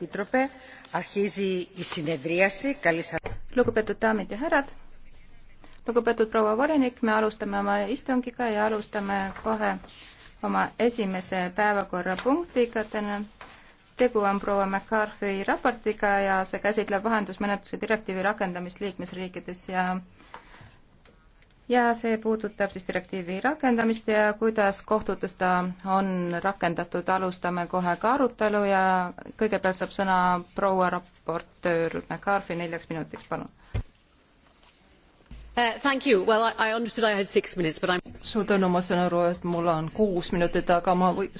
lugupeetud daamid ja härrad, lugupeetud proua volinik, me alustame oma istungiga ja alustame kohe oma esimese päevakorrapunktiga täna. tegu on proua McCarthy raportiga ja see käsitleb vahendusmenetluse direktiivi rakendamist liikmesriikides ja ja see puudutab siis direktiivi rakendamist ja kuidas kohtutes ta on rakendatud, alustame kohe ka arutelu ja kõigepealt saab sõna proua raportöör McCarthy neljaks minutiks, palun. Uh, well, I, I minutes, suur tänu, ma saan aru, et mul on kuus minutit, aga ma või,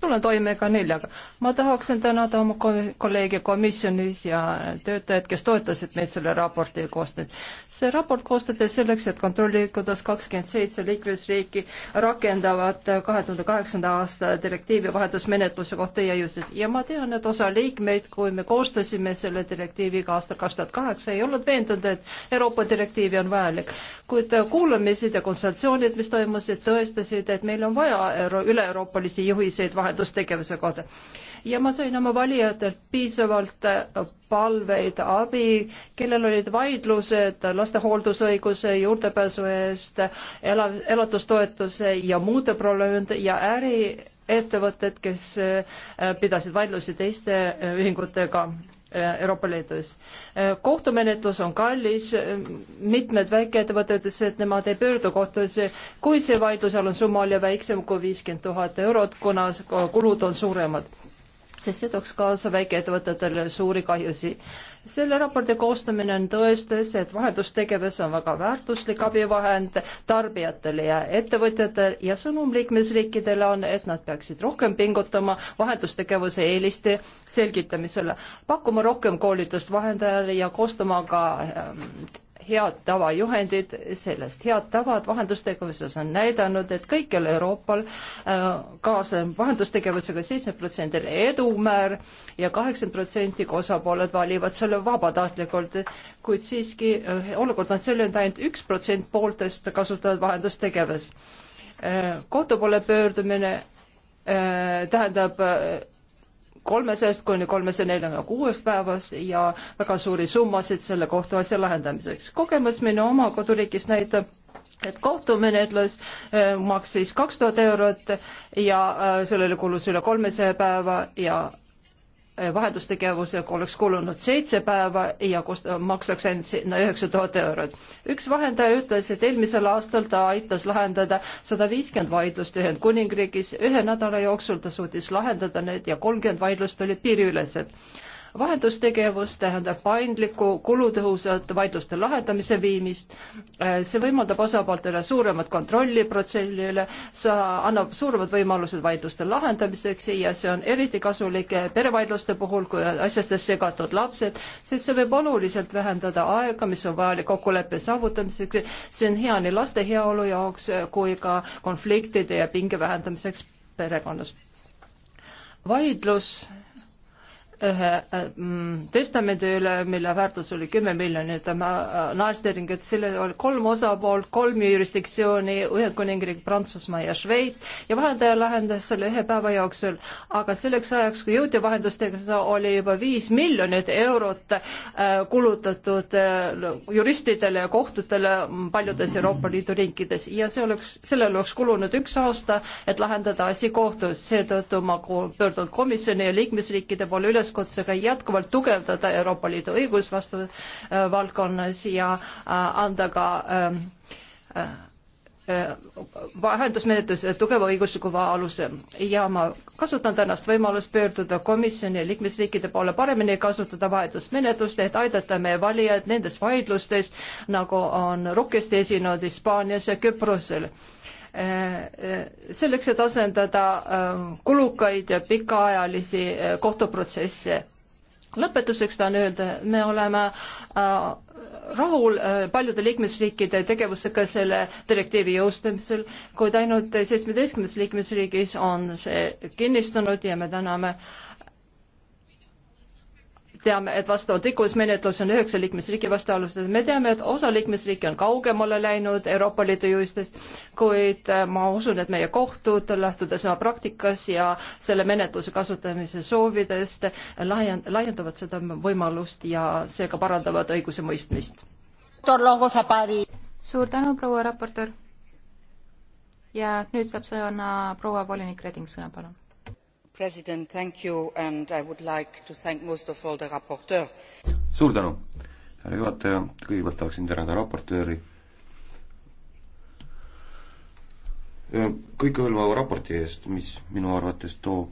tulen toime ka neljaga. ma tahaksin tänada oma kolleege komisjonis ja töötajaid, kes toetasid meid selle raporti koostööd. see raport koostati selleks, et kontrollida, kuidas kakskümmend seitse liikmesriiki rakendavad kahe tuhande kaheksanda aasta direktiivi vahetusmenetluse kohta jõusid ja ma tean, et osa liikmeid, kui me koostasime selle direktiiviga aastal kaks tuhat kaheksa, ei olnud veendunud, et Euroopa direktiivi on vajalik aeg, kuid äh, kuulamised ja konsultatsioonid, mis toimusid, tõestasid, et meil on vaja euro-, üle-euroopalisi juhiseid vahendustegevuse kohta. ja ma sain oma valijatelt piisavalt äh, palveid, abi, kellel olid vaidlused laste hooldusõiguse, juurdepääsu eest, ela-, elatustoetuse ja muude probleemide ja äriettevõtted, kes äh, pidasid vaidlusi teiste ühingutega Euroopa Liidus. kohtumenetlus on kallis, mitmed väikeettevõtted ütlesid, et nemad ei pöördu kohtusse, kui see vaidluse all on summa oli väiksem kui viiskümmend tuhat eurot, kuna kulud on suuremad sest see tooks kaasa väikeettevõtetele suuri kahjusi. selle raporti koostamine on tõestas, et vahendustegevus on väga väärtuslik abivahend tarbijatele ja ettevõtjatele ja sõnum liikmesriikidele on, et nad peaksid rohkem pingutama vahendustegevuse eeliste selgitamisele, pakkuma rohkem koolitust vahendajale ja koostama ka ähm, head tavajuhendid, sellest head tavad vahendustegevuses on näidanud, et kõikjal Euroopal äh, kaasneb vahendustegevusega seitsmekümne protsendine edumäär ja kaheksakümmend protsenti osapooled valivad selle vabatahtlikult, kuid siiski äh, olukord on selline, et ainult üks protsent pooltest kasutavad vahendustegevust. Äh, kohtu poole pöördumine tähendab kolmesajast kuni kolmesaja neljakümne kuuest päevast ja väga suuri summasid selle kohtuasja lahendamiseks. kogemus minu oma koduriigis näitab, et kohtumenetlus eh, maksis kaks tuhat eurot ja eh, sellele kulus üle kolmesaja päeva ja vahendustegevusega oleks kulunud seitse päeva ja kus maksaks ainult sinna üheksa tuhat eurot. üks vahendaja ütles, et eelmisel aastal ta aitas lahendada sada viiskümmend vaidlust Ühendkuningriigis, ühe nädala jooksul ta suutis lahendada need ja kolmkümmend vaidlust olid piiriülesed vahendustegevus tähendab paindlikku, kulutõhusat vaidluste lahendamise viimist. Äh, see võimaldab osapooltele suuremat kontrolli protsessi üle, see annab suuremad võimalused vaidluste lahendamiseks ja see on eriti kasulik perevaidluste puhul, kui on asjastes segatud lapsed, sest see võib oluliselt vähendada aega, mis on vajalik kokkuleppe saavutamiseks. see on hea nii laste heaolu jaoks kui ka konfliktide ja pinge vähendamiseks perekonnas. vaidlus ühe mm, testamendi üle, mille väärtus oli kümme miljonit, ma äh, naersin, et sellel oli kolm osapoolt, kolm jurisdiktsiooni, Ühendkuningriik, Prantsusmaa ja Šveits ja vahendaja lahendas selle ühe päeva jooksul, aga selleks ajaks, kui jõuti vahendustega, oli juba viis miljonit eurot äh, kulutatud äh, juristidele ja kohtutele paljudes Euroopa Liidu riikides ja see oleks, sellel oleks kulunud üks aasta, et lahendada asi kohtus, seetõttu ma pöördun komisjoni ja liikmesriikide poole üles üleskutsega jätkuvalt tugevdada Euroopa Liidu õigusvastu äh, valdkonnas ja äh, anda ka äh, vahendusmenetluse tugeva õigusliku aluse ja ma kasutan tänast võimalust pöörduda komisjoni ja liikmesriikide poole paremini kasutada vahendusmenetlust, et aidata meie valijaid nendes vaidlustes, nagu on rohkesti esinenud Hispaanias ja Küprosel Äh, äh, selleks, et asendada ähm, kulukaid ja pikaajalisi äh, kohtuprotsesse. lõpetuseks tahan öelda, me oleme rahul paljude liikmesriikide tegevusega selle direktiivi jõustamisel, kuid ainult seitsmeteistkümnes liikmesriigis on see kinnistunud ja me täname teame, et vastavalt rikkumismenetlus on üheksa liikmesriigi vastu alustatud, me teame, et osa liikmesriike on kaugemale läinud Euroopa Liidu juhistest, kuid äh, ma usun, et meie kohtud, lähtudes oma praktikas ja selle menetluse kasutamise soovidest, laiend-, laiendavad seda võimalust ja seega parandavad õigusemõistmist. suur tänu, proua raportöör! ja nüüd saab sõna proua volinik Reding, sõna palun president thank you and i would like to thank most of all the rapporteur. suur tänu, härra juhataja, kõigepealt tahaksin tänada raportööri kõikehõlmava raporti eest, mis minu arvates toob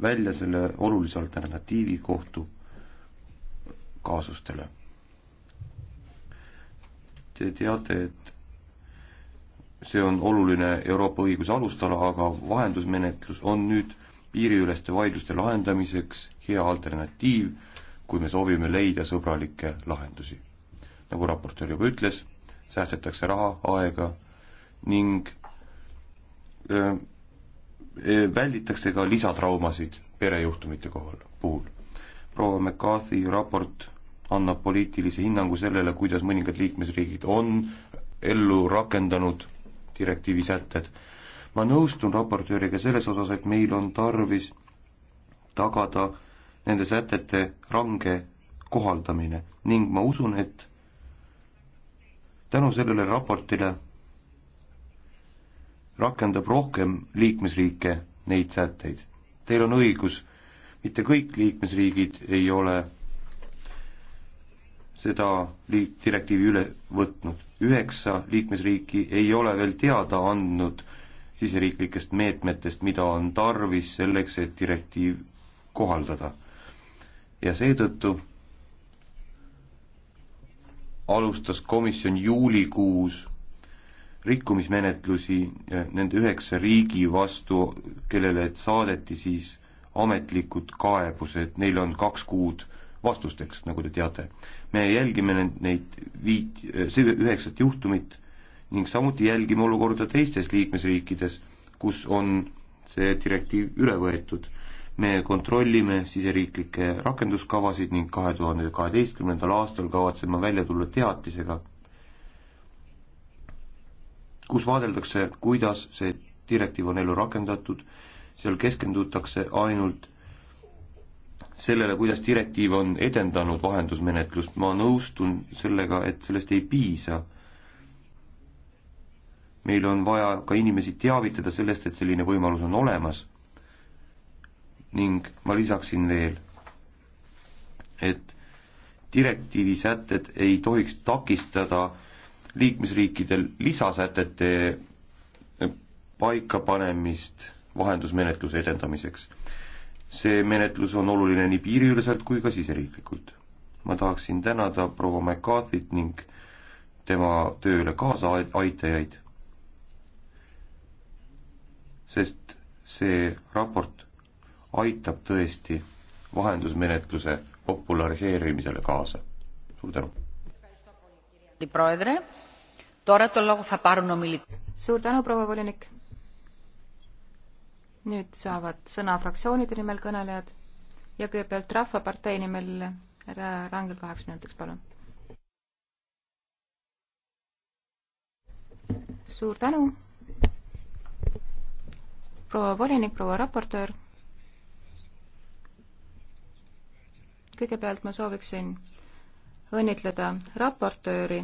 välja selle olulise alternatiivi kohtu kaasustele. Te teate, et see on oluline Euroopa õiguse alustala, aga vahendusmenetlus on nüüd piiriüleste vaidluste lahendamiseks hea alternatiiv, kui me soovime leida sõbralikke lahendusi. nagu raportöör juba ütles, säästetakse raha, aega ning öö, e, välditakse ka lisatraumasid perejuhtumite kohal, puhul. proua McCarthy raport annab poliitilise hinnangu sellele, kuidas mõningad liikmesriigid on ellu rakendanud direktiivi sätted ma nõustun raportööriga selles osas, et meil on tarvis tagada nende sätete range kohaldamine ning ma usun, et tänu sellele raportile rakendab rohkem liikmesriike neid sätteid. Teil on õigus, mitte kõik liikmesriigid ei ole seda liik-, direktiivi üle võtnud. üheksa liikmesriiki ei ole veel teada andnud äh, siseriiklikest meetmetest, mida on tarvis selleks, et direktiiv kohaldada. ja seetõttu alustas komisjon juulikuus rikkumismenetlusi eh, nende üheksa riigi vastu, kellele saadeti siis ametlikud kaebused, neil on kaks kuud vastusteks, nagu te teate. me jälgime neid viit, eh, üheksat juhtumit ning samuti jälgime olukorda teistes liikmesriikides, kus on see direktiiv üle võetud. me kontrollime siseriiklikke rakenduskavasid ning kahe tuhande kaheteistkümnendal aastal kavatseme välja tulla teatisega, kus vaadeldakse, kuidas see direktiiv on ellu rakendatud, seal keskendutakse ainult sellele, kuidas direktiiv on edendanud vahendusmenetlust, ma nõustun sellega, et sellest ei piisa meil on vaja ka inimesi teavitada sellest, et selline võimalus on olemas. ning ma lisaksin veel, et direktiivi sätted ei tohiks takistada liikmesriikidel lisasätete paikapanemist vahendusmenetluse edendamiseks. see menetlus on oluline nii piiriüleselt kui ka siseriiklikult. ma tahaksin tänada proua McCarthy't ning tema tööle kaasa aitajaid sest see raport aitab tõesti vahendusmenetluse populariseerimisele kaasa. suur tänu! suur tänu, proua volinik! nüüd saavad sõna fraktsioonide nimel kõnelejad ja kõigepealt Rahvapartei nimel härra Rangel kaheks minutiks, palun. suur tänu, proua volinik, proua raportöör. kõigepealt ma sooviksin õnnitleda raportööri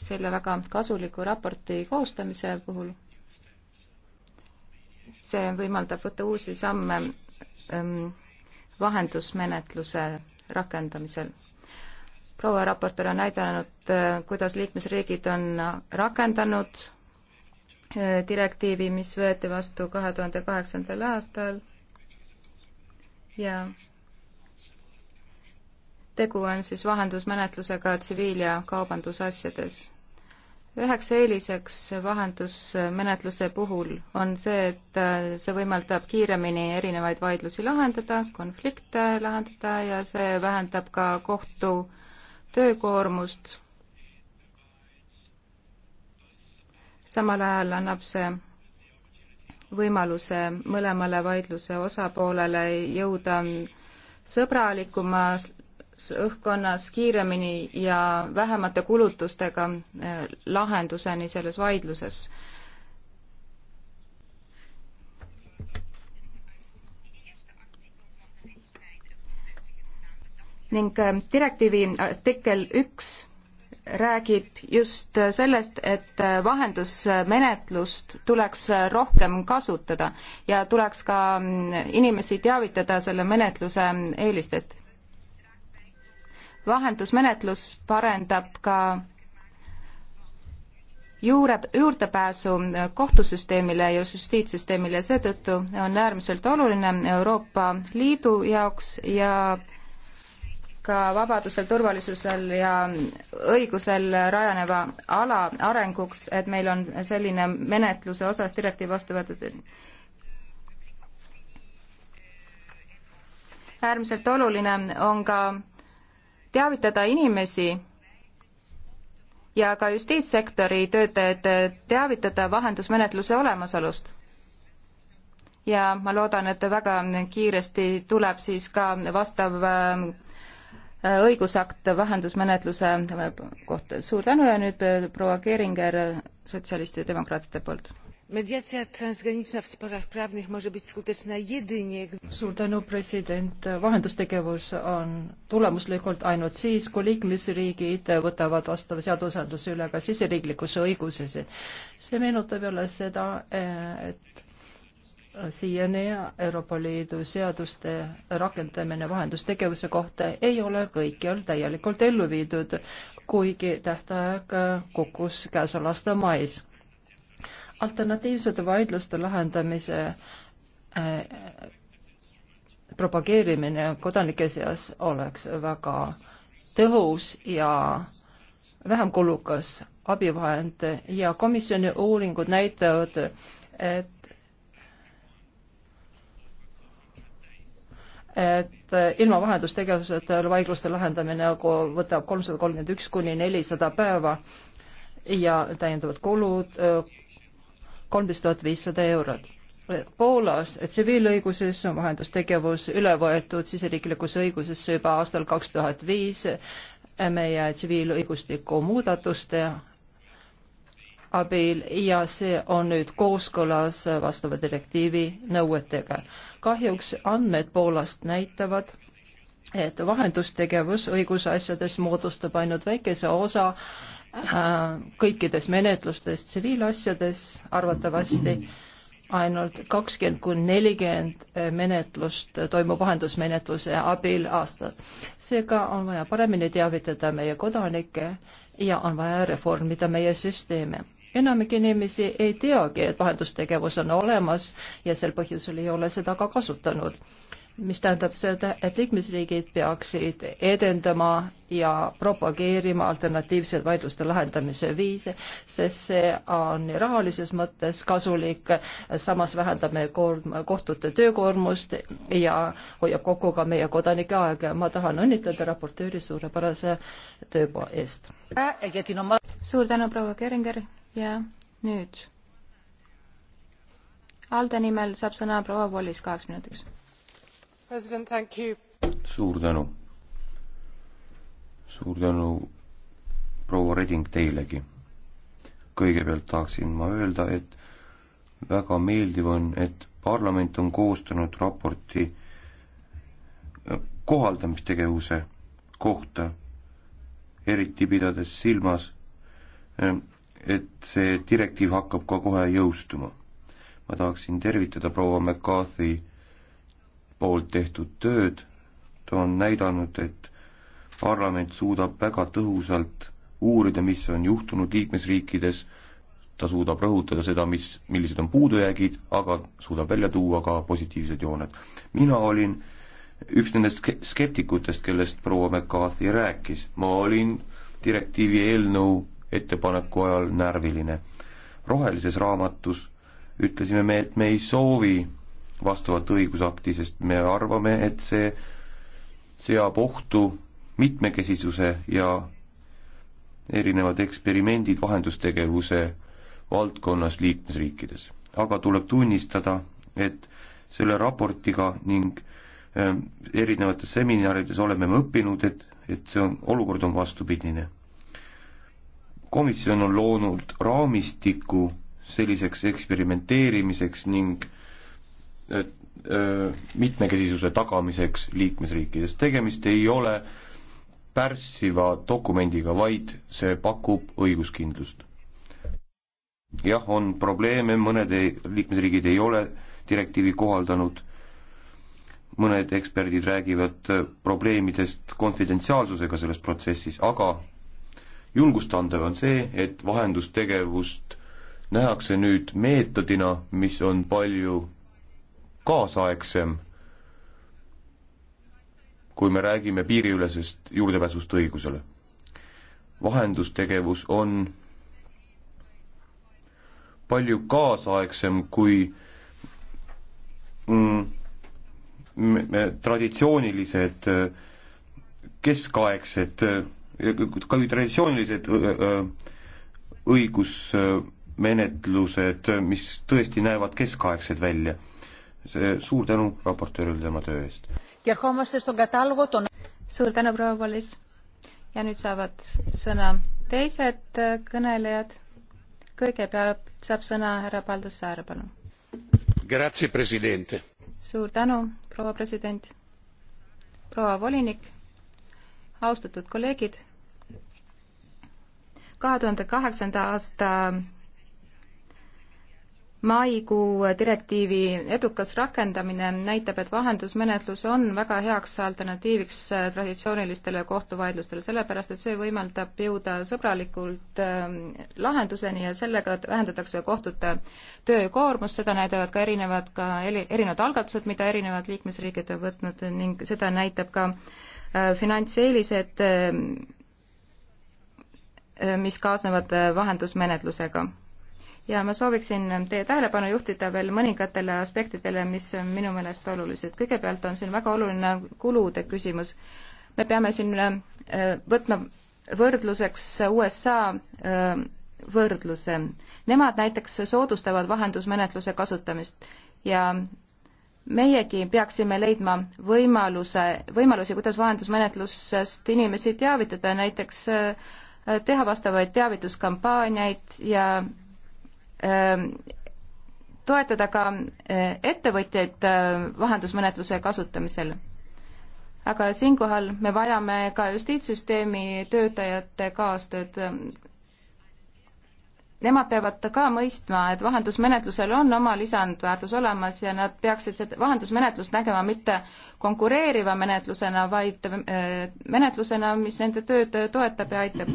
selle väga kasuliku raporti koostamise puhul. see võimaldab võtta uusi samme ähm, vahendusmenetluse rakendamisel. proua raportöör on näidanud, äh, kuidas liikmesriigid on rakendanud direktiivi, mis võeti vastu kahe tuhande kaheksandal aastal ja tegu on siis vahendusmenetlusega tsiviil- ja kaubandusasjades. üheks eeliseks vahendusmenetluse puhul on see, et see võimaldab kiiremini erinevaid vaidlusi lahendada, konflikte lahendada ja see vähendab ka kohtu töökoormust samal ajal annab see võimaluse mõlemale vaidluse osapoolele jõuda sõbralikumas õhkkonnas kiiremini ja vähemate kulutustega eh, lahenduseni selles vaidluses ning eh, direktiivi artikkel üks räägib just sellest, et vahendusmenetlust tuleks rohkem kasutada ja tuleks ka inimesi teavitada selle menetluse eelistest. vahendusmenetlus parendab ka juure, juurdepääsu kohtusüsteemile ja justiitssüsteemile, seetõttu on äärmiselt oluline Euroopa Liidu jaoks ja ka vabadusel, turvalisusel ja õigusel rajaneva ala arenguks, et meil on selline menetluse osas direktiiv vastu võetud. äärmiselt oluline on ka teavitada inimesi ja ka justiitssektori töötajaid teavitada vahendusmenetluse olemasolust ja ma loodan, et väga kiiresti tuleb siis ka vastav äh, Äh, õigusakt vahendusmenetluse äh, kohta. suur tänu ja nüüd äh, proua Keringer sotsialistide ja demokraatide poolt. Mediacja transgraniczna w sporach prawnych może być skuteczna jedynie Suur tänu, president. Vahendustegevus on tulemuslikult ainult siis, kui liikmesriigid võtavad vastava seadusandluse üle ka siseriiklikusse õigusesse. See meenutab jälle seda, et siiani Euroopa Liidu seaduste rakendamine vahendustegevuse kohta ei ole kõikjal täielikult ellu viidud, kuigi tähtaeg kukkus käesoleva aasta mais. alternatiivsete vaidluste lahendamise äh, propageerimine kodanike seas oleks väga tõhus ja vähem kulukas abivahend ja komisjoni uuringud näitavad, et et ilma vahendustegevuseta vaidluste lahendamine nagu võtab kolmsada kolmkümmend üks kuni nelisada päeva ja täiendavad kulud kolmteist tuhat viissada eurot. Poolas tsiviilõiguses on vahendustegevus üle võetud siseriiklikusse õigusesse juba aastal kaks tuhat viis meie tsiviilõigustiku muudatuste abil ja see on nüüd kooskõlas vastava direktiivi nõuetega. kahjuks andmed Poolast näitavad, et vahendustegevus õigusasjades moodustab ainult väikese osa äh, kõikides menetlustes tsiviilasjades arvatavasti ainult kakskümmend kuni nelikümmend äh, menetlust toimub vahendusmenetluse abil aastas. seega on vaja paremini teavitada meie kodanikke ja on vaja reformida meie süsteeme enamik inimesi ei teagi, et vahendustegevus on olemas ja sel põhjusel ei ole seda ka kasutanud. mis tähendab seda, et liikmesriigid peaksid edendama ja propageerima alternatiivseid vaidluste lahendamise viise, sest see on rahalises mõttes kasulik, samas vähendab meie koorm-, kohtute töökoormust ja hoiab kokku ka meie kodanike aega. ma tahan õnnitleda raportööri suurepärase töö eest. suur tänu, proua Keringer ja nüüd ALDE nimel saab sõna proua Wallis kaheks minutiks. suur tänu. suur tänu, proua Reding, teilegi. kõigepealt tahaksin ma öelda, et väga meeldiv on, et parlament on koostanud raporti äh, kohaldamistegevuse kohta, eriti pidades silmas äh, et see direktiiv hakkab ka kohe jõustuma. ma tahaksin tervitada proua McCarthy poolt tehtud tööd, ta on näidanud, et parlament suudab väga tõhusalt uurida, mis on juhtunud liikmesriikides, ta suudab rõhutada seda, mis, millised on puudujäägid, aga suudab välja tuua ka positiivsed jooned. mina olin üks nendest skeptikutest, kellest proua McCarthy rääkis, ma olin direktiivi eelnõu ettepaneku ajal närviline. rohelises raamatus ütlesime me, et me ei soovi vastavat õigusakti, sest me arvame, et see seab ohtu mitmekesisuse ja erinevad eksperimendid vahendustegevuse valdkonnas liikmesriikides. aga tuleb tunnistada, et selle raportiga ning ähm, erinevates seminarides oleme me õppinud, et, et see on, olukord on vastupidine komisjon on loonud raamistiku selliseks eksperimenteerimiseks ning mitmekesisuse tagamiseks liikmesriikides. tegemist ei ole pärssiva dokumendiga, vaid see pakub õiguskindlust. jah, on probleeme, mõned ei, liikmesriigid ei ole direktiivi kohaldanud, mõned eksperdid räägivad probleemidest konfidentsiaalsusega selles protsessis, aga julgustandev on see, et vahendustegevust nähakse nüüd meetodina, mis on palju kaasaegsem, kui me räägime piiriülesest juurdepääsust õigusele. vahendustegevus on palju kaasaegsem kui mm, traditsioonilised äh, keskaegsed äh, ka traditsioonilised õigusmenetlused, mis tõesti näevad keskaegsed välja. see, suur tänu raportöörile tema töö eest. suur tänu, proua Polis. ja nüüd saavad sõna teised äh, kõnelejad. kõigepealt saab sõna härra Paldus Saare, palun. suur tänu, proua president proua volinik, austatud kolleegid kahe tuhande kaheksanda aasta maikuu direktiivi edukas rakendamine näitab, et vahendusmenetlus on väga heaks alternatiiviks traditsioonilistele kohtuvaidlustele, sellepärast et see võimaldab jõuda sõbralikult ähm, lahenduseni ja sellega vähendatakse kohtute töökoormust, seda näitavad ka erinevad, ka erinevad algatused, mida erinevad liikmesriigid on võtnud ning seda näitab ka äh, finantseelised ähm, Äh, mis kaasnevad äh, vahendusmenetlusega. ja ma sooviksin teie tähelepanu juhtida veel mõningatele aspektidele, mis on minu meelest olulised. kõigepealt on siin väga oluline kulude küsimus. me peame siin äh, võtma võrdluseks USA võrdluse. Nemad näiteks soodustavad vahendusmenetluse kasutamist ja meiegi peaksime leidma võimaluse, võimalusi, kuidas vahendusmenetlusest inimesi teavitada, näiteks äh, teha vastavaid teavituskampaaniaid ja ähm, toetada ka äh, ettevõtjaid äh, vahendusmenetluse kasutamisel. aga siinkohal me vajame ka justiitssüsteemi töötajate kaastööd, nemad peavad ka mõistma, et vahendusmenetlusel on oma lisandväärtus olemas ja nad peaksid seda vahendusmenetlust nägema mitte konkureeriva menetlusena, vaid äh, menetlusena, mis nende tööd toetab ja aitab.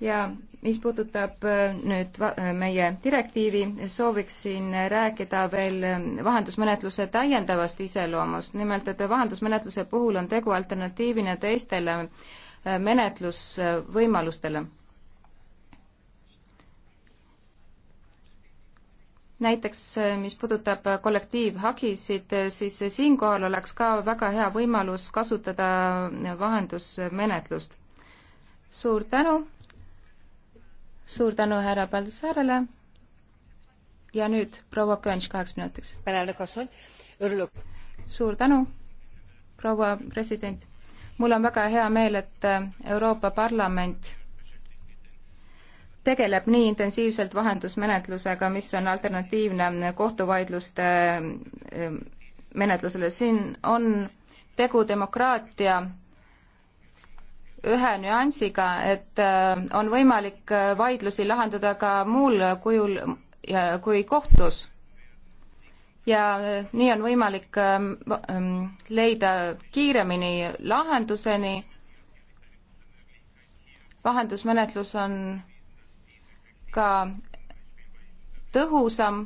ja mis puudutab äh, nüüd äh, meie direktiivi, sooviksin rääkida veel vahendusmenetluse täiendavast iseloomust, nimelt et vahendusmenetluse puhul on tegu alternatiivina teistele menetlusvõimalustele näiteks äh, mis puudutab äh, kollektiivhagisid, äh, siis siinkohal oleks ka väga hea võimalus kasutada vahendusmenetlust. suur tänu, suur tänu härra Paldsaarele ja nüüd proua Könš kaheks minutiks. suur tänu, proua president. mul on väga hea meel, et Euroopa Parlament tegeleb nii intensiivselt vahendusmenetlusega, mis on alternatiivne kohtuvaidluste eh, eh, menetlusele, siin on tegu demokraatia ühe nüansiga, et eh, on võimalik vaidlusi lahendada ka muul kujul ja kui kohtus. ja nii on võimalik leida kiiremini lahenduseni. vahendusmenetlus on ka tõhusam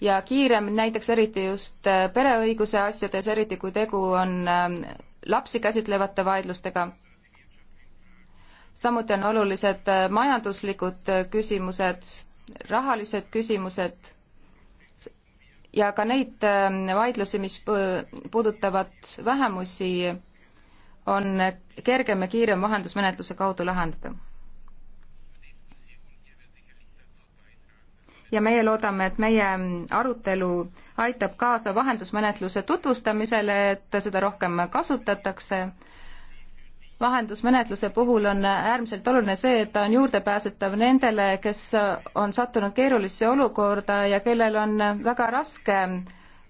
ja kiirem, näiteks eriti just äh, pereõiguse asjades, eriti kui tegu on ähm, lapsi käsitlevate vaidlustega. samuti on olulised äh, majanduslikud äh, küsimused, rahalised küsimused ja ka neid ähm, vaidlusi, mis puudutavad vähemusi, on kergem ja kiirem vahendusmenetluse kaudu lahendada ja meie loodame, et meie arutelu aitab kaasa vahendusmenetluse tutvustamisele, et seda rohkem kasutatakse. vahendusmenetluse puhul on äärmiselt oluline see, et ta on juurdepääsetav nendele, kes on sattunud keerulisse olukorda ja kellel on väga raske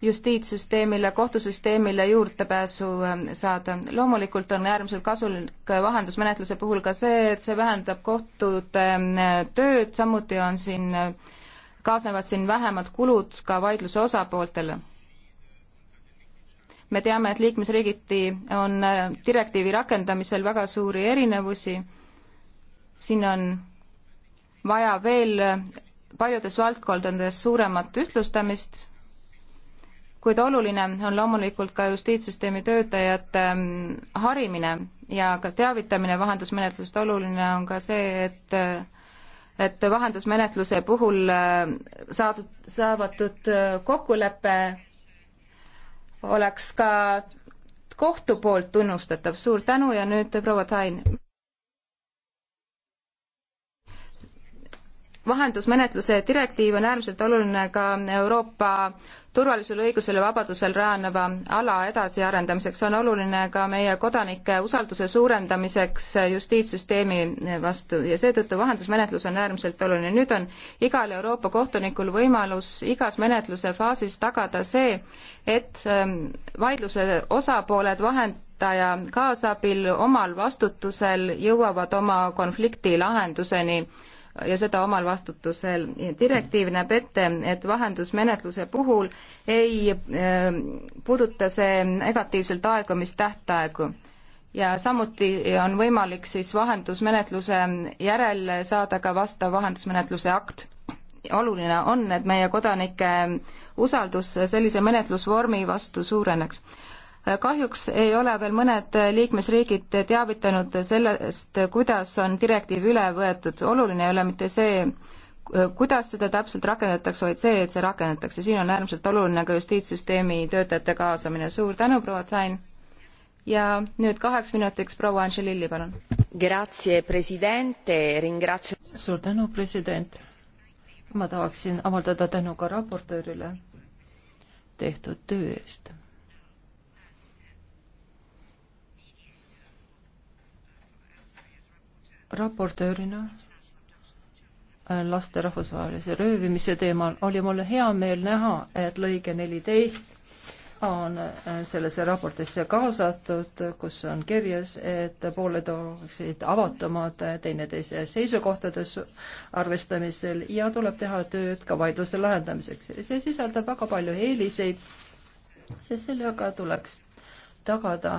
justiitssüsteemile, kohtusüsteemile juurdepääsu äh, saada. loomulikult on äärmiselt kasulik vahendusmenetluse puhul ka see, et see vähendab kohtute äh, tööd, samuti on siin äh, kaasnevad siin vähemad kulud ka vaidluse osapooltele. me teame, et liikmesriigiti on äh, direktiivi rakendamisel väga suuri erinevusi. siin on vaja veel paljudes valdkondades suuremat ühtlustamist, kuid oluline on loomulikult ka justiitssüsteemi töötajate ähm, harimine ja ka teavitamine vahendusmenetlust, oluline on ka see, et äh, et vahendusmenetluse puhul äh, saadud, saavatud äh, kokkulepe oleks ka kohtu poolt tunnustatav. suur tänu ja nüüd proua Tain. vahendusmenetluse direktiiv on äärmiselt oluline ka Euroopa turvalisele õigusele vabadusel rajaneva ala edasiarendamiseks, on oluline ka meie kodanike usalduse suurendamiseks justiitssüsteemi vastu ja seetõttu vahendusmenetlus on äärmiselt oluline. nüüd on igal Euroopa kohtunikul võimalus igas menetluse faasis tagada see, et ähm, vaidluse osapooled vahendaja kaasabil omal vastutusel jõuavad oma konflikti lahenduseni ja seda omal vastutusel. direktiiv näeb ette, et vahendusmenetluse puhul ei ähm, puuduta see negatiivselt aegumistähtaegu ja samuti on võimalik siis vahendusmenetluse järel saada ka vastav vahendusmenetluse akt. oluline on, et meie kodanike usaldus sellise menetlusvormi vastu suureneks kahjuks ei ole veel mõned liikmesriigid teavitanud sellest, kuidas on direktiiv üle võetud, oluline ei ole mitte see, kuidas seda täpselt rakendatakse, vaid see, et see rakendatakse, siin on äärmiselt oluline ka justiitssüsteemi töötajate kaasamine, suur tänu, proua Tain! ja nüüd kaheks minutiks proua Angelilli, palun! suur tänu, president! ma tahaksin avaldada tänu ka raportöörile tehtud töö eest raportöörina äh, laste rahvusvahelise röövimise teemal oli mul hea meel näha, et lõige neliteist on äh, sellesse raportisse kaasatud, kus on kirjas, et pooled oleksid avatumad teineteise seisukohtades arvestamisel ja tuleb teha tööd ka vaidluse lahendamiseks. see sisaldab väga palju eeliseid, sest sellega tuleks tagada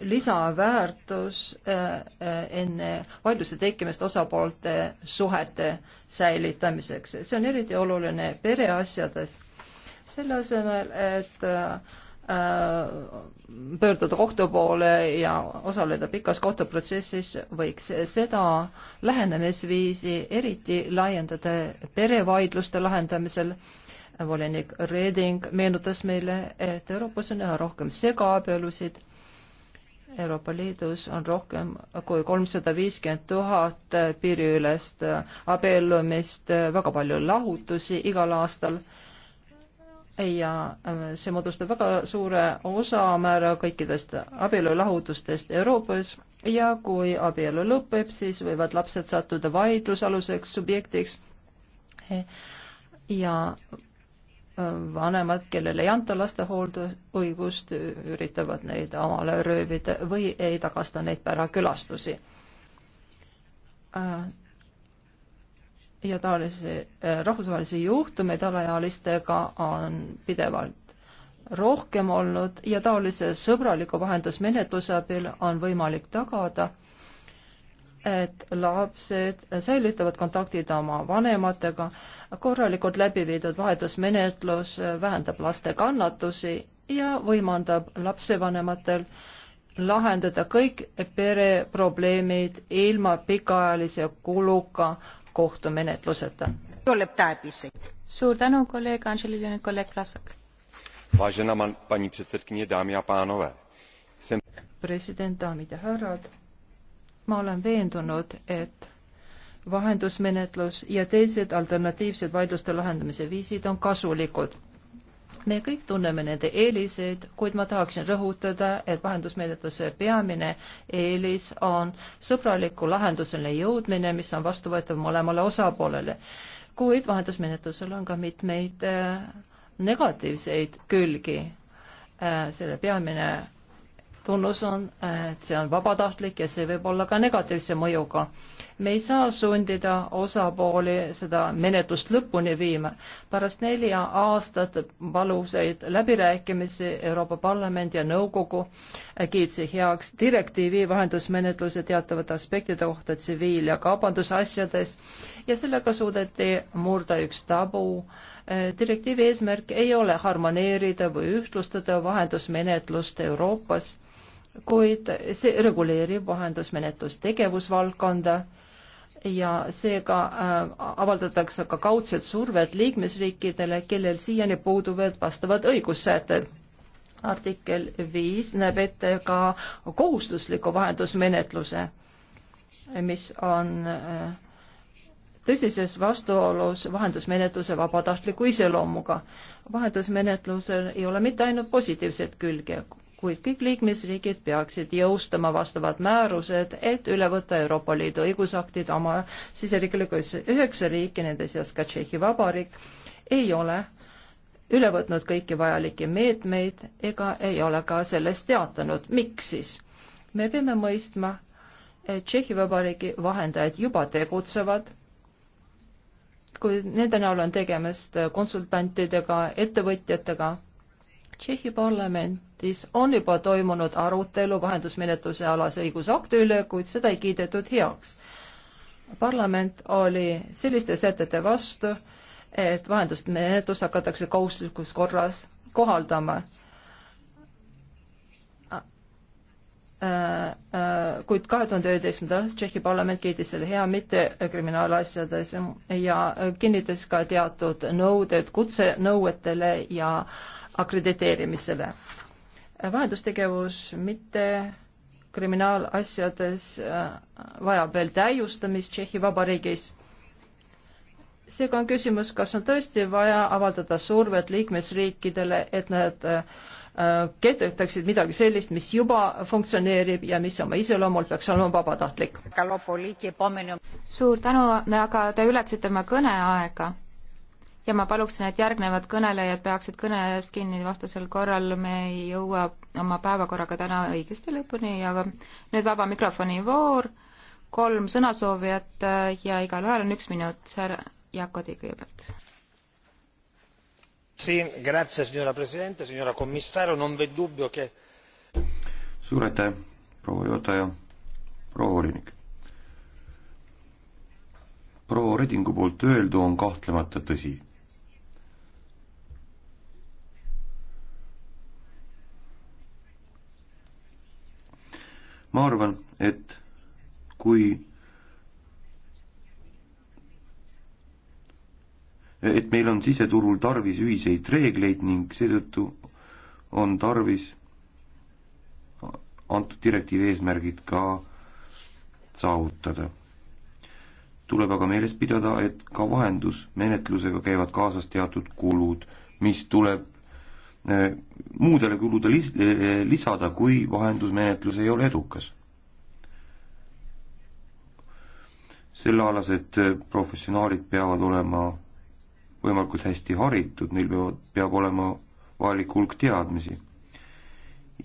lisaväärtus äh, äh, enne vaidluse tekkimist osapoolte suhete säilitamiseks. see on eriti oluline pereasjades. selle asemel, et äh, pöörduda kohtu poole ja osaleda pikas kohtuprotsessis, võiks seda lähenemisviisi eriti laiendada perevaidluste lahendamisel volinik Reding meenutas meile, et Euroopas on üha rohkem segaabielusid Euroopa Liidus on rohkem kui kolmsada viiskümmend tuhat piiriülest abiellumist, väga palju lahutusi igal aastal ja see moodustab väga suure osamäära kõikidest abielulahutustest Euroopas ja kui abielu lõpeb, siis võivad lapsed sattuda vaidlusaluseks subjektiks ja vanemad, kellele ei anta lastehooldusõigust, üritavad neid omale röövida või ei tagasta neid pärakülastusi. ja taolisi rahvusvahelisi juhtumeid alaealistega on pidevalt rohkem olnud ja taolise sõbraliku vahendusmenetluse abil on võimalik tagada, et lapsed säilitavad kontaktid oma vanematega, korralikult läbi viidud vahetusmenetlus vähendab laste kannatusi ja võimaldab lapsevanematel lahendada kõik pereprobleemid ilma pikaajalise kuluka kohtumenetluseta. suur tänu, kolleeg Anželina Kolek-Vlasak. Vážená paní předsedkyně, dámy a pánové, jsem... President, dámy a härrad ma olen veendunud, et vahendusmenetlus ja teised alternatiivsed vaidluste lahendamise viisid on kasulikud. me kõik tunneme nende eeliseid, kuid ma tahaksin rõhutada, et vahendusmenetluse peamine eelis on sõbraliku lahendusele jõudmine, mis on vastuvõetav mõlemale osapoolele. kuid vahendusmenetlusel on ka mitmeid äh, negatiivseid külgi. Äh, selle peamine tunnus on, et see on vabatahtlik ja see võib olla ka negatiivse mõjuga. me ei saa sundida osapooli seda menetlust lõpuni viima. pärast nelja aastat valusaid läbirääkimisi Euroopa Parlament ja Nõukogu kiitsid heaks direktiivi vahendusmenetluse teatavate aspektide kohta tsiviil- ja kaubandusasjades ja sellega suudeti murda üks tabu direktiivi eesmärk ei ole harmoneerida või ühtlustada vahendusmenetlust Euroopas kuid see reguleerib vahendusmenetlustegevusvaldkonda ja seega äh, avaldatakse ka kaudset survet liikmesriikidele, kellel siiani puuduvad vastavad õigussätted. artikkel viis näeb ette ka kohustusliku vahendusmenetluse, mis on äh, tõsises vastuolus vahendusmenetluse vabatahtliku iseloomuga. vahendusmenetlusel ei ole mitte ainult positiivseid külge, kuid kõik liikmesriigid peaksid jõustama vastavad määrused, et üle võtta Euroopa Liidu õigusaktid oma siseriiklikusse. üheksa riiki, nende seas ka Tšehhi Vabariik, ei ole üle võtnud kõiki vajalikke meetmeid ega ei ole ka sellest teatanud. miks siis? me peame mõistma, et Tšehhi Vabariigi vahendajad juba tegutsevad, kuid nende näol on tegemist konsultantidega, ettevõtjatega. Tšehhi parlament parlamendis on juba toimunud arutelu vahendusmenetluse alase õigusakti üle, kuid seda ei kiidetud heaks. parlament oli selliste sätete vastu, et vahendusmenetlus hakatakse kohustuslikus korras kohaldama kuid kahe tuhande üheteistkümnendal aastal Tšehhi parlament kiitis selle hea mitte kriminaalasjades ja kinnitas ka teatud nõuded kutsenõuetele ja akrediteerimisele vahendustegevus mitte kriminaalasjades äh, vajab veel täiustamist Tšehhi Vabariigis. seega on küsimus, kas on tõesti vaja avaldada survet liikmesriikidele, et nad äh, kehtetaksid midagi sellist, mis juba funktsioneerib ja mis oma iseloomult peaks olema vabatahtlik. suur tänu, aga te ületasite oma kõneaega ja ma paluksin, et järgnevad kõnelejad peaksid kõne eest kinni, vastasel korral me ei jõua oma päevakorraga täna õigesti lõpuni ja nüüd vaba mikrofoni voor, kolm sõnasoovijat äh, ja igalühel on üks minut, härra Jaak Odi kõigepealt. suur aitäh, proua juhataja, proua volinik proua Redingu poolt öeldu on kahtlemata tõsi. ma arvan, et kui et meil on siseturul tarvis ühiseid reegleid ning seetõttu on tarvis antud direktiivi eesmärgid ka saavutada. tuleb aga meeles pidada, et ka vahendusmenetlusega käivad kaasas teatud kulud, mis tuleb Äh, muudele kulude lis-, äh, lisada, kui vahendusmenetlus ei ole edukas. sellealased äh, professionaalid peavad olema võimalikult hästi haritud, neil peavad, peab olema vajalik hulk teadmisi.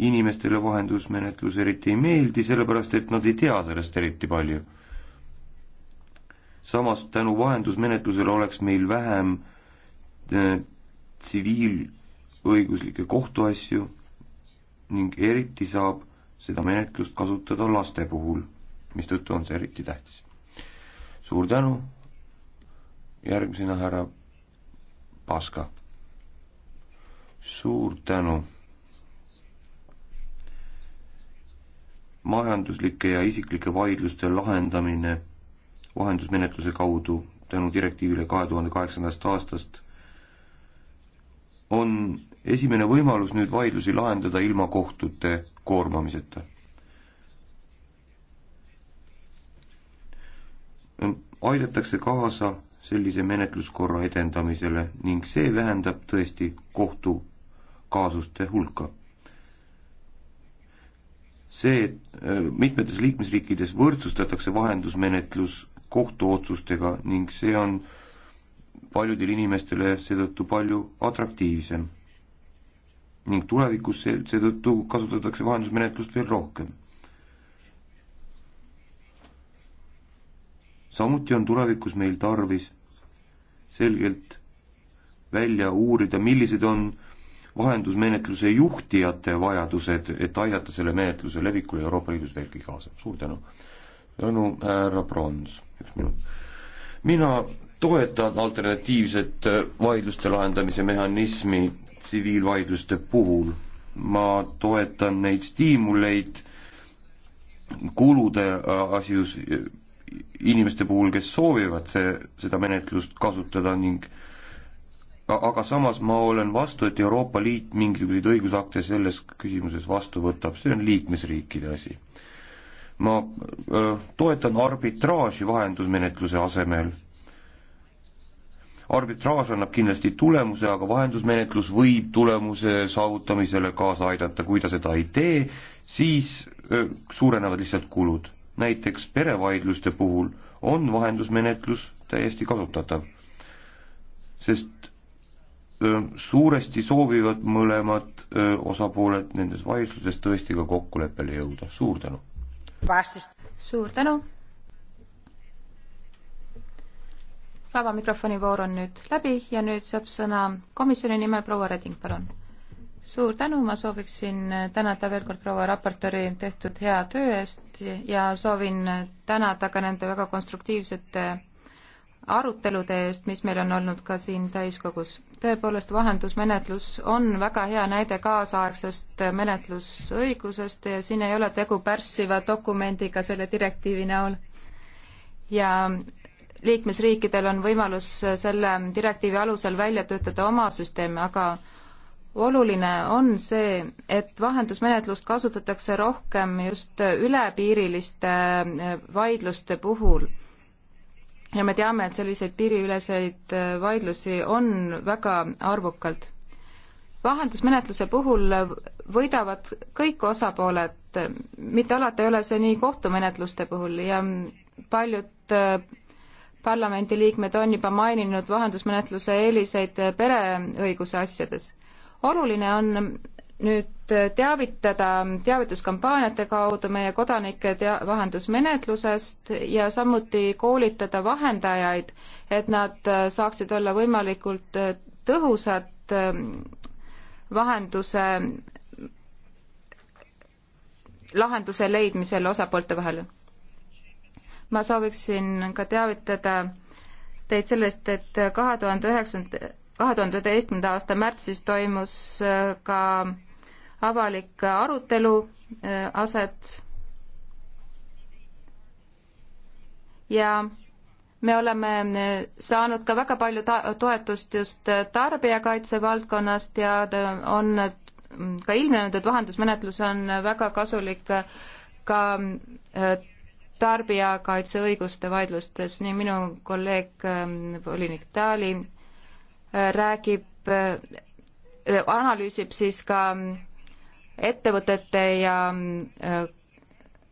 inimestele vahendusmenetlus eriti ei meeldi, sellepärast et nad ei tea sellest eriti palju. samas tänu vahendusmenetlusele oleks meil vähem tsiviil- õiguslikke kohtuasju ning eriti saab seda menetlust kasutada laste puhul, mistõttu on see eriti tähtis. suur tänu, järgmisena härra Paska. suur tänu. majanduslike ja isiklike vaidluste lahendamine vahendusmenetluse kaudu tänu direktiivile kahe tuhande kaheksandast aastast on esimene võimalus nüüd vaidlusi lahendada ilma kohtute koormamiseta. aidatakse kaasa sellise menetluskorra edendamisele ning see vähendab tõesti kohtu kaasuste hulka. see, et äh, mitmetes liikmesriikides võrdsustatakse vahendusmenetlus kohtuotsustega ning see on äh, paljudele inimestele seetõttu palju atraktiivsem. ning tulevikus see, seetõttu kasutatakse vahendusmenetlust veel rohkem. samuti on tulevikus meil tarvis selgelt välja uurida, millised on vahendusmenetluse juhtijate vajadused, et aidata selle menetluse levikule Euroopa Liidus veelgi kaasa. suur tänu. tänu, härra Prons, üks minut. mina toetan alternatiivset äh, vaidluste lahendamise mehhanismi tsiviilvaidluste puhul. ma toetan neid stiimuleid kulude äh, asjus äh, inimeste puhul, kes soovivad see, seda menetlust kasutada ning aga samas ma olen vastu, et Euroopa Liit mingisuguseid õigusakte selles küsimuses vastu võtab, see on liikmesriikide asi. ma öö, toetan arbitraaži vahendusmenetluse asemel arbitraaž annab kindlasti tulemuse, aga vahendusmenetlus võib tulemuse saavutamisele kaasa aidata, kui ta seda ei tee, siis suurenevad lihtsalt kulud. näiteks perevaidluste puhul on vahendusmenetlus täiesti kasutatav, sest suuresti soovivad mõlemad osapooled nendes vaidlustes tõesti ka kokkuleppele jõuda, suur tänu! suur tänu! vaba mikrofoni voor on nüüd läbi ja nüüd saab sõna komisjoni nimel proua Reding, palun. suur tänu, ma sooviksin tänada veel kord proua raportööri tehtud hea töö eest ja soovin tänada ka nende väga konstruktiivsete arutelude eest, mis meil on olnud ka siin täiskogus. tõepoolest, vahendusmenetlus on väga hea näide kaasaegsest menetlusõigusest ja siin ei ole tegu pärssiva dokumendiga selle direktiivi näol. ja liikmesriikidel on võimalus selle direktiivi alusel välja töötada oma süsteeme, aga oluline on see, et vahendusmenetlust kasutatakse rohkem just ülepiiriliste äh, vaidluste puhul. ja me teame, et selliseid piiriüleseid äh, vaidlusi on väga arvukalt. vahendusmenetluse puhul võidavad kõik osapooled, mitte alati ei ole see nii kohtumenetluste puhul ja paljud äh, parlamendiliikmed on juba maininud vahendusmenetluse eeliseid pereõiguse asjades. oluline on nüüd teavitada teavituskampaaniate kaudu meie kodanike tea-, vahendusmenetlusest ja samuti koolitada vahendajaid, et nad saaksid olla võimalikult tõhusad vahenduse, lahenduse leidmisel osapoolte vahel ma sooviksin ka teavitada teid sellest, et kahe tuhande üheksanda, kahe tuhande üheteistkümnenda aasta märtsis toimus äh, ka avalik arutelu äh, aset ja me oleme äh, saanud ka väga palju toetust just tarbijakaitse valdkonnast ja on ka ilmnenud, et vahendusmenetlus on väga kasulik ka tarbijakaitseõiguste vaidlustes, nii minu kolleeg ähm, volinik Taali äh, räägib, äh, analüüsib siis ka ähm, ettevõtete ja äh,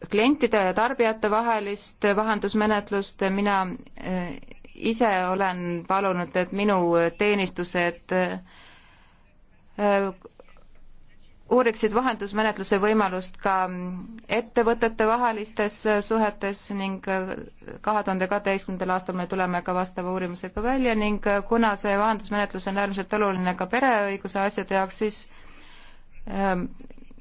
klientide ja tarbijate vahelist vahendusmenetlust, mina ise olen palunud, et minu teenistused uuriksid vahendusmenetluse võimalust ka ettevõtete vahelistes suhetes ning kahe tuhande kaheteistkümnendal aastal me tuleme ka vastava uurimusega välja ning kuna see vahendusmenetlus on äärmiselt oluline ka pereõiguse asjade jaoks, siis ähm,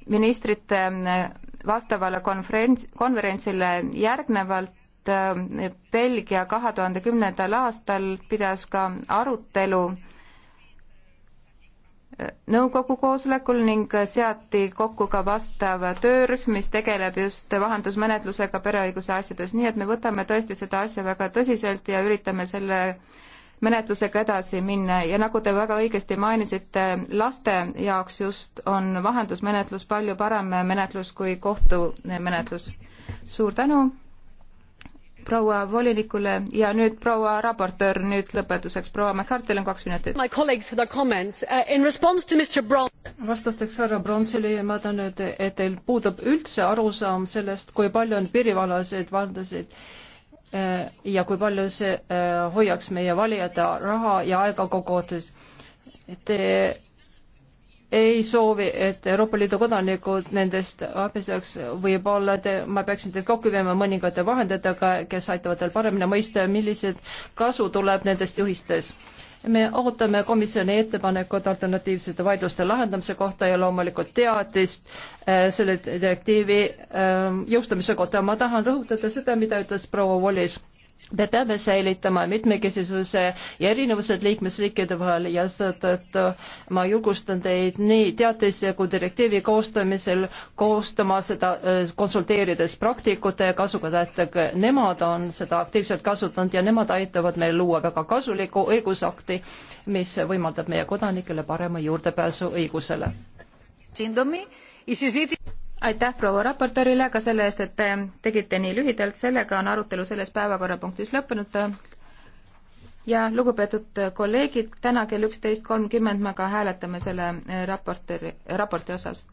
ministrite äh, vastavale konverents, konverentsile järgnevalt äh, Belgia kahe tuhande kümnendal aastal pidas ka arutelu nõukogu koosolekul ning seati kokku ka vastav töörühm, mis tegeleb just vahendusmenetlusega pereõiguse asjades, nii et me võtame tõesti seda asja väga tõsiselt ja üritame selle menetlusega edasi minna ja nagu te väga õigesti mainisite, laste jaoks just on vahendusmenetlus palju parem menetlus kui kohtumenetlus. suur tänu proua volinikule ja nüüd proua raportöör, nüüd lõpetuseks proua McCarthy'l on kaks minutit. Uh, vastusteks härra Bronsile ma tahan öelda, et teil puudub üldse arusaam sellest, kui palju on piirivalaseid valdasid eh, ja kui palju see eh, hoiaks meie valijate raha ja aega kokku ootes. Te ei soovi, et Euroopa Liidu kodanikud nendest abi saaks, võib-olla te, ma peaksin teid kokku viima mõningate vahendajatega, kes aitavad teil paremini mõista, millised kasu tuleb nendest juhistes. me ootame komisjoni ettepanekut alternatiivsete vaidluste lahendamise kohta ja loomulikult teatist äh, selle direktiivi ähm, jõustamise kohta. ma tahan rõhutada seda, mida ütles proua Wallis me peame säilitama mitmekesisuse ja erinevused liikmesriikide vahel ja seetõttu ma julgustan teid nii teatise kui direktiivi koostamisel koostama seda äh, konsulteerides praktikute ja kasutajatega. Nemad on seda aktiivselt kasutanud ja nemad aitavad meil luua väga kasuliku õigusakti, mis võimaldab meie kodanikele parema juurdepääsu õigusele aitäh proua raportöörile ka selle eest, et te tegite nii lühidalt, sellega on arutelu selles päevakorrapunktis lõppenud. ja lugupeetud kolleegid, täna kell üksteist kolmkümmend me ka hääletame selle raportööri, raporti osas.